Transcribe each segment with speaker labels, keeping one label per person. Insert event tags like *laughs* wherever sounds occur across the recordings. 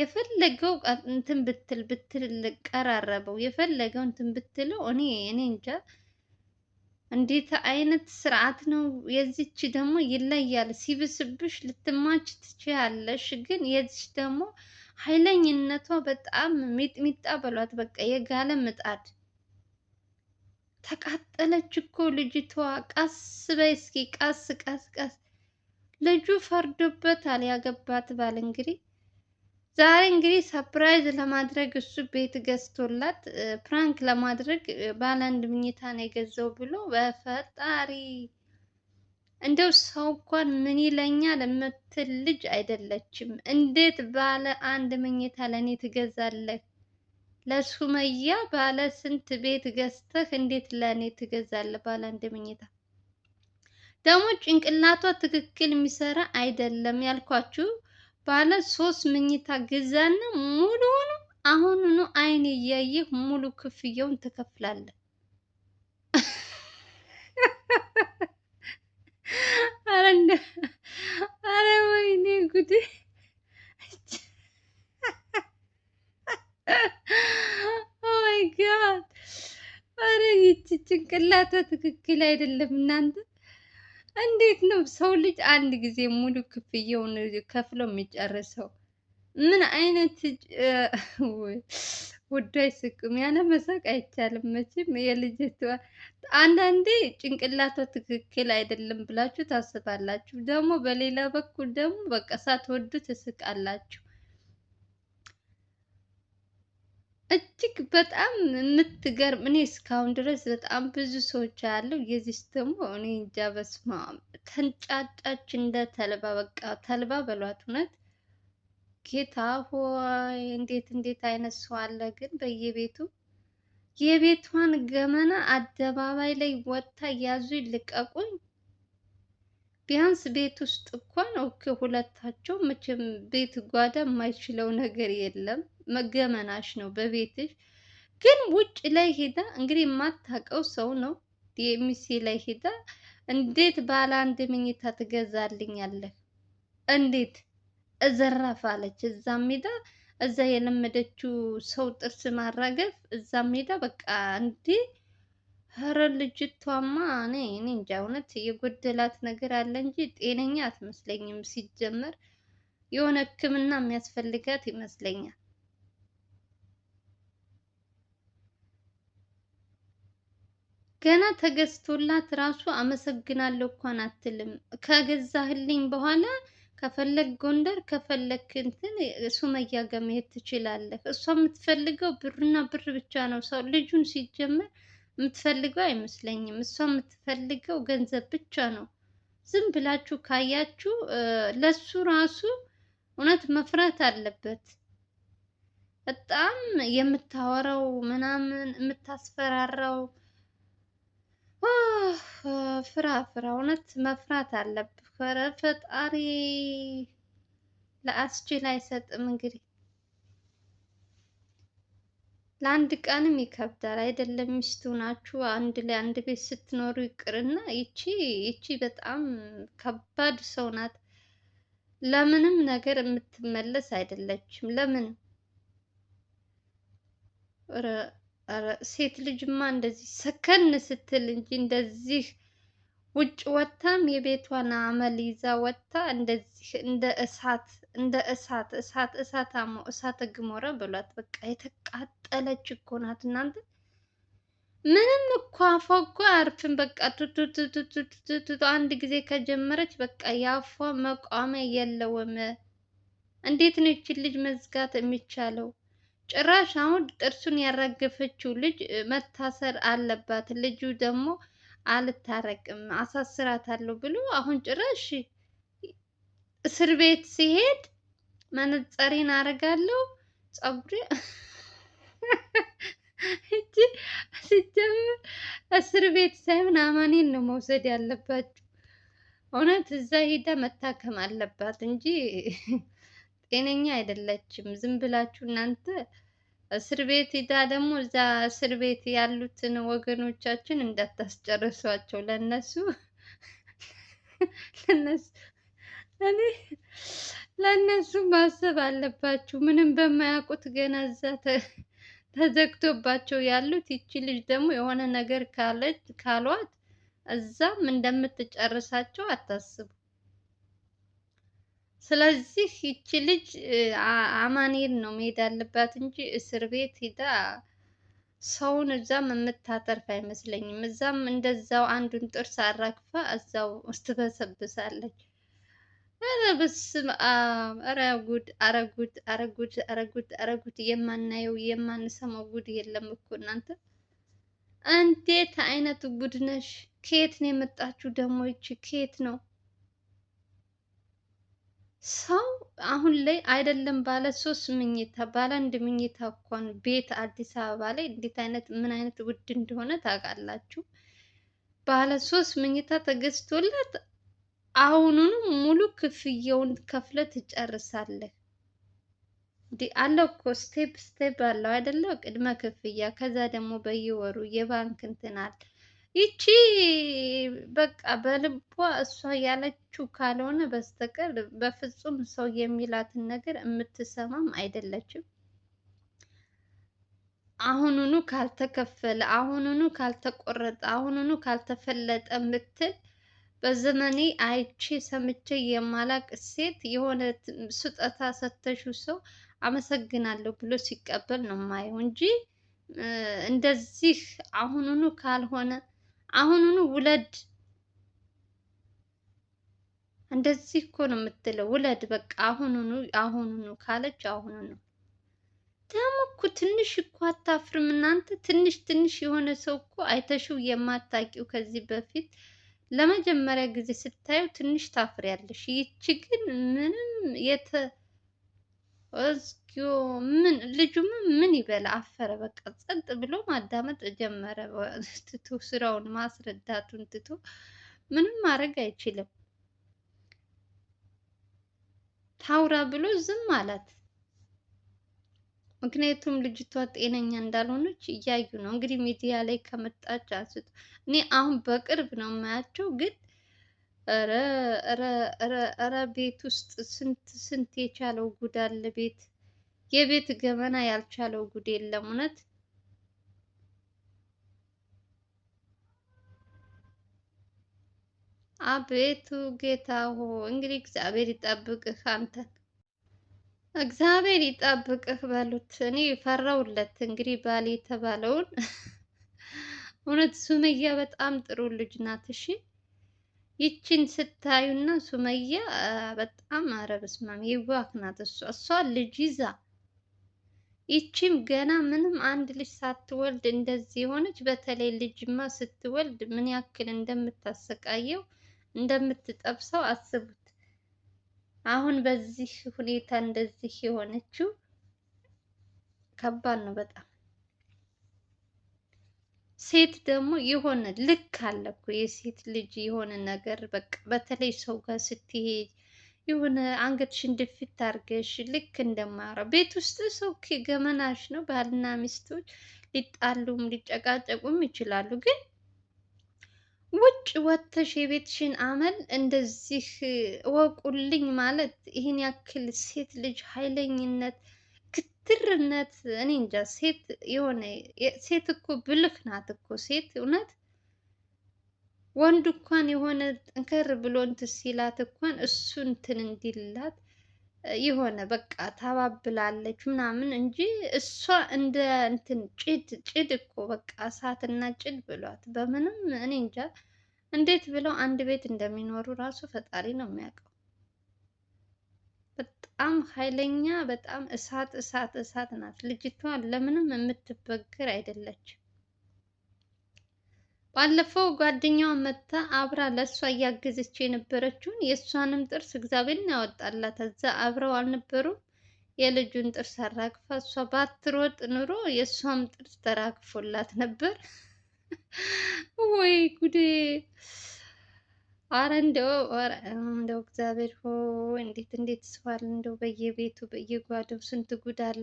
Speaker 1: የፈለገው እንትን ብትል ቀራረበው የፈለገው እንትን ብትለው እኔ እኔ እንጃ እንዴት አይነት ስርዓት ነው። የዚች ደግሞ ይለያል። ሲብስብሽ ልትማች ትችያለሽ፣ ግን የዚች ደግሞ ኃይለኝነቷ በጣም ሚጥሚጣ በሏት። በቃ የጋለ ምጣድ ተቃጠለች እኮ ልጅቷ። ቀስ በይ እስኪ ቀስ ቀስ ቀስ። ልጁ ፈርዶበታል ያገባት ባል እንግዲህ ዛሬ እንግዲህ ሰፕራይዝ ለማድረግ እሱ ቤት ገዝቶላት ፕራንክ ለማድረግ ባለ አንድ ምኝታ ነው የገዛው ብሎ በፈጣሪ እንደው ሰው እንኳን ምን ይለኛል የምትል ልጅ አይደለችም። እንዴት ባለ አንድ ምኝታ ለእኔ ትገዛለህ? ለሱመያ ባለ ስንት ቤት ገዝተህ እንዴት ለእኔ ትገዛለህ? ባለ አንድ ምኝታ ደግሞ ጭንቅላቷ ትክክል የሚሰራ አይደለም ያልኳችሁ ባለ ሶስት መኝታ ገዛና ሙሉውን አሁኑኑ አይን እያየህ ሙሉ ክፍያውን ትከፍላለህ። አረ ወይኔ ጉዴ! ኦማይ ጋድ! አረ ይቺ ጭንቅላቷ ትክክል አይደለም እናንተ እንዴት ነው ሰው ልጅ አንድ ጊዜ ሙሉ ክፍያውን ከፍሎ የሚጨርሰው? ምን አይነት ጉዳይ አይስቅም፣ ያለ መሳቅ አይቻልም። መቼም የልጅቷ አንዳንዴ ጭንቅላቷ ትክክል አይደለም ብላችሁ ታስባላችሁ። ደግሞ በሌላ በኩል ደግሞ በቃ ሳትወዱ ትስቃላችሁ። እጅግ በጣም የምትገርም እኔ እስካሁን ድረስ በጣም ብዙ ሰዎች ያለው የዚች ደግሞ እኔ እንጃ በስማ ተንጫጫች እንደ ተልባ በቃ ተልባ በሏት። እውነት ጌታ ሆይ እንዴት እንዴት አይነት ሰው አለ ግን በየቤቱ የቤቷን ገመና አደባባይ ላይ ወጥታ ያዙ ይልቀቁኝ። ቢያንስ ቤት ውስጥ እንኳን ሁለታቸው መቼም ቤት ጓዳ የማይችለው ነገር የለም። መገመናሽ ነው በቤትሽ። ግን ውጭ ላይ ሄዳ እንግዲህ የማታውቀው ሰው ነው ዲኤምሲ ላይ ሄዳ እንዴት ባለ አንድ መኝታ ትገዛልኛለህ? እንዴት እዘራፍ አለች። እዛም ሄዳ እዛ የለመደችው ሰው ጥርስ ማራገፍ፣ እዛም ሄዳ በቃ እንዴ ኧረ ልጅቷማ እኔ እኔ እንጃ እውነት የጎደላት ነገር አለ እንጂ ጤነኛ አትመስለኝም። ሲጀመር የሆነ ሕክምና የሚያስፈልጋት ይመስለኛል። ገና ተገዝቶላት ራሱ አመሰግናለሁ እንኳን አትልም። ከገዛህልኝ በኋላ ከፈለግ ጎንደር ከፈለግ እንትን ሱመያ ጋር መሄድ ትችላለህ። እሷ የምትፈልገው ብርና ብር ብቻ ነው። ሰው ልጁን ሲጀምር የምትፈልገው አይመስለኝም። እሷ የምትፈልገው ገንዘብ ብቻ ነው። ዝም ብላችሁ ካያችሁ ለሱ ራሱ እውነት መፍራት አለበት። በጣም የምታወራው ምናምን የምታስፈራራው ፍራ ፍራ እውነት መፍራት አለብህ። ኧረ ፈጣሪ ለአስችል አይሰጥም። እንግዲህ ለአንድ ቀንም ይከብዳል አይደለም። ሚስቱ ናችሁ አንድ ላይ አንድ ቤት ስትኖሩ ይቅርና ይቺ ይቺ በጣም ከባድ ሰው ናት። ለምንም ነገር የምትመለስ አይደለችም። ለምንም ኧረ ሴት ልጅማ እንደዚህ ሰከን ስትል እንጂ እንደዚህ ውጭ ወጥታም የቤቷን አመል ይዛ ወጥታ እንደዚህ እንደ እሳት እንደ እሳት እሳት እሳት አሞ እሳት ግሞረ ብሏት በቃ የተቃጠለች እኮ ናት እናንተ። ምንም እኮ አፏ እኮ አያርፍም። በቃ ቱቱቱቱቱቱ አንድ ጊዜ ከጀመረች በቃ የአፏ መቋሚያ የለውም። እንዴት ነው ይችን ልጅ መዝጋት የሚቻለው? ጭራሽ አሁን ጥርሱን ያረገፈችው ልጅ መታሰር አለባት። ልጁ ደግሞ አልታረቅም አሳስራታለሁ ብሎ አሁን ጭራሽ እስር ቤት ሲሄድ መነጸሬን አደርጋለሁ ጸጉሬ እጅ ሲጀምር እስር ቤት ሳይሆን አማኔን ነው መውሰድ ያለባችሁ። እውነት እዛ ሄዳ መታከም አለባት እንጂ ጤነኛ አይደለችም። ዝም ብላችሁ እናንተ እስር ቤት ሂዳ ደግሞ እዛ እስር ቤት ያሉትን ወገኖቻችን እንዳታስጨርሷቸው ለነሱ *laughs* ለነሱ እኔ ለእነሱ ማሰብ አለባችሁ። ምንም በማያውቁት ገና እዛ ተዘግቶባቸው ያሉት። ይቺ ልጅ ደግሞ የሆነ ነገር ካለች ካሏት እዛም እንደምትጨርሳቸው አታስቡ። ስለዚህ ይቺ ልጅ አማኑኤል ነው መሄድ ያለባት እንጂ እስር ቤት ሂዳ ሰውን እዛም የምታተርፍ አይመስለኝም። እዛም እንደዛው አንዱን ጥርስ አራግፋ እዛው ስትበሰብሳለች። ኧረ በስመ አብ! ኧረ ጉድ! ኧረ ጉድ! ኧረ ጉድ! ኧረ ጉድ! ኧረ ጉድ! የማናየው የማንሰማው ጉድ የለም እኮ እናንተ። እንዴት አይነት ጉድ ነሽ! ከየት ነው የመጣችሁ ደግሞ? ይቺ ከየት ነው ሰው አሁን ላይ አይደለም ባለ ሶስት ምኝታ ባለ አንድ ምኝታ እንኳን ቤት አዲስ አበባ ላይ እንዴት አይነት ምን አይነት ውድ እንደሆነ ታውቃላችሁ? ባለ ሶስት ምኝታ ተገዝቶለት አሁኑኑ ሙሉ ክፍያውን ከፍለ ትጨርሳለህ። እንዲህ አለው እኮ ስቴፕ ስቴፕ አለው አይደለው? ቅድመ ክፍያ፣ ከዛ ደግሞ በየወሩ የባንክ እንትን አለ ይቺ በቃ በልቧ እሷ ያለችው ካልሆነ በስተቀር በፍጹም ሰው የሚላትን ነገር የምትሰማም አይደለችም። አሁኑኑ ካልተከፈለ፣ አሁኑኑ ካልተቆረጠ፣ አሁኑኑ ካልተፈለጠ ምትል በዘመኔ አይቼ ሰምቼ የማላቅ ሴት የሆነ ስጦታ ሰተሹ ሰው አመሰግናለሁ ብሎ ሲቀበል ነው ማየው እንጂ እንደዚህ አሁኑኑ ካልሆነ አሁኑኑ ውለድ። እንደዚህ እኮ ነው የምትለው። ውለድ በቃ አሁኑኑ አሁኑኑ ካለች አሁኑኑ ደግሞ እኮ ትንሽ እኮ አታፍርም እናንተ። ትንሽ ትንሽ የሆነ ሰው እኮ አይተሽው የማታውቂው ከዚህ በፊት ለመጀመሪያ ጊዜ ስታየው ትንሽ ታፍሪያለሽ። ይቺ ግን ምንም የተ እስኪዮ ምን ልጁ ምን ይበል አፈረ። በቃ ጸጥ ብሎ ማዳመጥ ጀመረ። ትቶ ስራውን ማስረዳቱን ትቶ ምንም ማድረግ አይችልም። ታውራ ብሎ ዝም አላት። ምክንያቱም ልጅቷ ጤነኛ እንዳልሆነች እያዩ ነው። እንግዲህ ሚዲያ ላይ ከመጣች አንስቶ እኔ አሁን በቅርብ ነው የማያቸው ግን ኧረ ቤት ውስጥ ስንት ስንት የቻለው ጉድ አለ። ቤት የቤት ገመና ያልቻለው ጉድ የለም እውነት አቤቱ ጌታ ሆ እንግዲህ እግዚአብሔር ይጠብቅህ፣ አንተን እግዚአብሔር ይጠብቅህ በሉት። እኔ ፈራውለት እንግዲህ ባል የተባለውን። እውነት ሱመያ በጣም ጥሩ ልጅ ናት። እሺ ይችን ስታዩና ሱመያ በጣም አረ በስመ አብ የዋህ ናት። እሷ እሷ ልጅ ይዛ ይቺም ገና ምንም አንድ ልጅ ሳትወልድ እንደዚህ የሆነች በተለይ ልጅማ ስትወልድ ምን ያክል እንደምታሰቃየው እንደምትጠብሰው አስቡት። አሁን በዚህ ሁኔታ እንደዚህ የሆነችው ከባድ ነው በጣም። ሴት ደግሞ የሆነ ልክ አለ እኮ የሴት ልጅ የሆነ ነገር በቃ በተለይ ሰው ጋር ስትሄድ የሆነ አንገትሽን ድፍት አድርገሽ ልክ እንደማረ ቤት ውስጥ ሰው ገመናሽ ነው። ባልና ሚስቶች ሊጣሉም ሊጨቃጨቁም ይችላሉ። ግን ውጭ ወጥተሽ የቤትሽን አመል እንደዚህ እወቁልኝ ማለት ይህን ያክል ሴት ልጅ ኃይለኝነት ትርነት እኔ እንጃ። ሴት የሆነ ሴት እኮ ብልህ ናት እኮ ሴት እውነት ወንድ እንኳን የሆነ ጠንከር ብሎ እንትን ሲላት እንኳን እሱ እንትን እንዲላት የሆነ በቃ ታባብላለች ምናምን እንጂ እሷ እንደ እንትን ጭድ ጭድ እኮ በቃ እሳትና ጭድ ብሏት በምንም እኔ እንጃ። እንዴት ብለው አንድ ቤት እንደሚኖሩ ራሱ ፈጣሪ ነው የሚያውቀው። በጣም ኃይለኛ በጣም እሳት እሳት እሳት ናት። ልጅቷ ለምንም የምትበግር አይደለች። ባለፈው ጓደኛዋ መታ አብራ ለእሷ እያገዘች የነበረችውን የእሷንም ጥርስ እግዚአብሔር ያወጣላት። እዛ አብረው አልነበሩም። የልጁን ጥርስ አራግፋ እሷ ባትሮጥ ኑሮ የእሷም ጥርስ ተራግፎላት ነበር። *laughs* ወይ ጉዴ! አረ እንደው አረ እንደው እግዚአብሔር ሆይ እንዴት እንዴት ስዋል እንደው በየቤቱ በየጓደው ስንት ጉድ አለ፣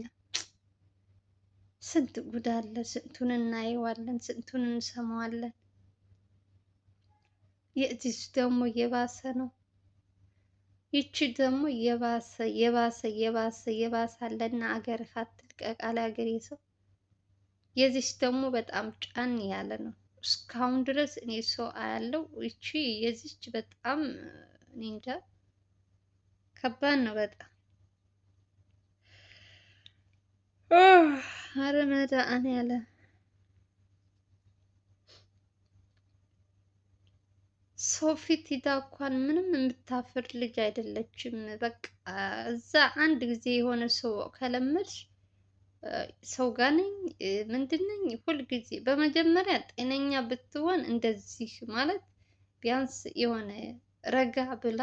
Speaker 1: ስንት ጉድ አለ። ስንቱን እናየዋለን፣ ስንቱን እንሰማዋለን። የዚህ ደግሞ እየባሰ ነው። ይቺ ደግሞ የባሰ የባሰ የባሰ የባሰ አለና አገር አትልቀቅ አለ አገሬ ሰው። የዚች ደግሞ በጣም ጫን ያለ ነው። እስካሁን ድረስ እኔ ሰው አያለው። ይቺ የዚች በጣም እኔ እንጃ ከባድ ነው በጣም አረ መዳን ያለ ሰው ፊት ሂዳ እንኳን ምንም የምታፍር ልጅ አይደለችም። በቃ እዛ አንድ ጊዜ የሆነ ሰው ከለመድሽ ሰው ጋር ነኝ ምንድን ነኝ ሁልጊዜ። በመጀመሪያ ጤነኛ ብትሆን እንደዚህ ማለት ቢያንስ የሆነ ረጋ ብላ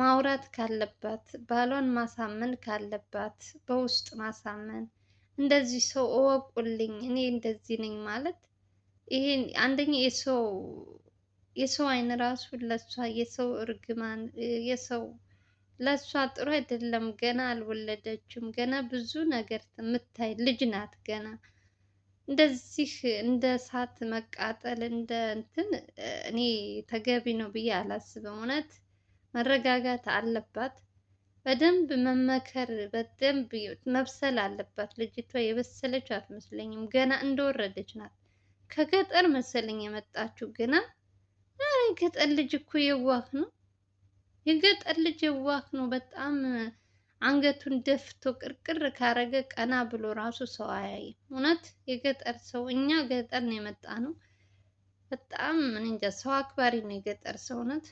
Speaker 1: ማውራት ካለባት፣ ባሏን ማሳመን ካለባት፣ በውስጥ ማሳመን እንደዚህ ሰው እወቁልኝ፣ እኔ እንደዚህ ነኝ ማለት ይሄን አንደኛ የሰው የሰው አይን ራሱ ለሷ የሰው እርግማን የሰው ለእሷ ጥሩ አይደለም። ገና አልወለደችም። ገና ብዙ ነገር የምታይ ልጅ ናት። ገና እንደዚህ እንደ እሳት መቃጠል እንደ እንትን እኔ ተገቢ ነው ብዬ አላስብም። እውነት መረጋጋት አለባት። በደንብ መመከር፣ በደንብ መብሰል አለባት። ልጅቷ የበሰለች አትመስለኝም። ገና እንደወረደች ናት። ከገጠር መሰለኝ የመጣችው ገና ገጠር ልጅ እኮ የዋህ ነው። የገጠር ልጅ የዋህ ነው በጣም አንገቱን ደፍቶ ቅርቅር ካረገ ቀና ብሎ ራሱ ሰው አያይም። እውነት የገጠር ሰው እኛ ገጠር ነው የመጣ ነው። በጣም እንጃ ሰው አክባሪ ነው የገጠር ሰው እውነት።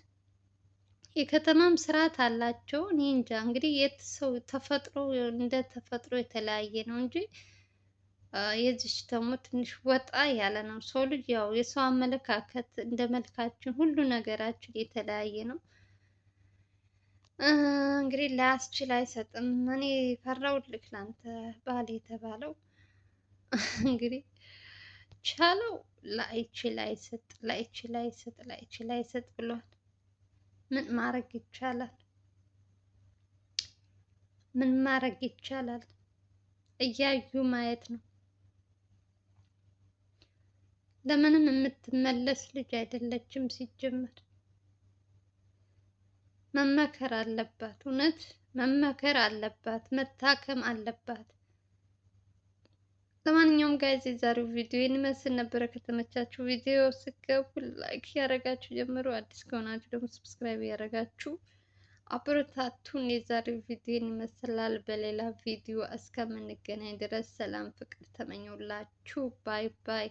Speaker 1: የከተማም ስርዓት አላቸው። እኔ እንጃ እንግዲህ የት ሰው ተፈጥሮ እንደ ተፈጥሮ የተለያየ ነው እንጂ የዚች ደግሞ ትንሽ ወጣ ያለ ነው። ሰው ልጅ ያው የሰው አመለካከት እንደ መልካችን ሁሉ ነገራችን የተለያየ ነው። እንግዲህ ላያስችል አይሰጥም። እኔ ፈራሁልህ ላንተ ባል የተባለው *laughs* እንግዲህ ቻለው ላይችል አይሰጥ ላይችል አይሰጥ ላይችል አይሰጥ ብሏል። ምን ማድረግ ይቻላል? ምን ማድረግ ይቻላል? እያዩ ማየት ነው። ለምንም የምትመለስ ልጅ አይደለችም ሲጀመር። መመከር አለባት። እውነት መመከር አለባት፣ መታከም አለባት። ለማንኛውም ጋይዝ የዛሬው ቪዲዮ ይመስል ነበረ። ከተመቻችሁ ቪዲዮ ስገቡ ላይክ ያደረጋችሁ ጀምሩ። አዲስ ከሆናችሁ ደግሞ ሰብስክራይብ ያደረጋችሁ አበረታቱን። የዛሬው ቪዲዮ ይመስላል። በሌላ ቪዲዮ እስከምንገናኝ ድረስ ሰላም ፍቅር ተመኘውላችሁ። ባይ ባይ።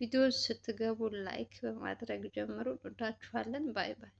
Speaker 1: ቪዲዮ ስትገቡ ላይክ በማድረግ ጀምሩ። እንወዳችኋለን። ባይ ባይ።